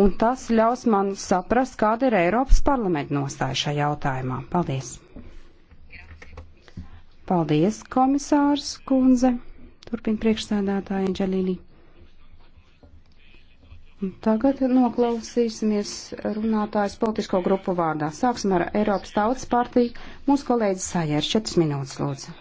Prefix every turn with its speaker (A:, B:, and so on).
A: un tas ļaus man saprast, kāda ir Eiropas parlamenta nostāja šajā jautājumā. Paldies! Paldies, komisārs Kunze! Turpin priekšsēdētāja Džalīlī. Tagad noklausīsimies runātājs politisko grupu vārdā. Sāksim ar Eiropas tautas partiju. Mūsu kolēģis Sajērs, 4 minūtes lūdzu.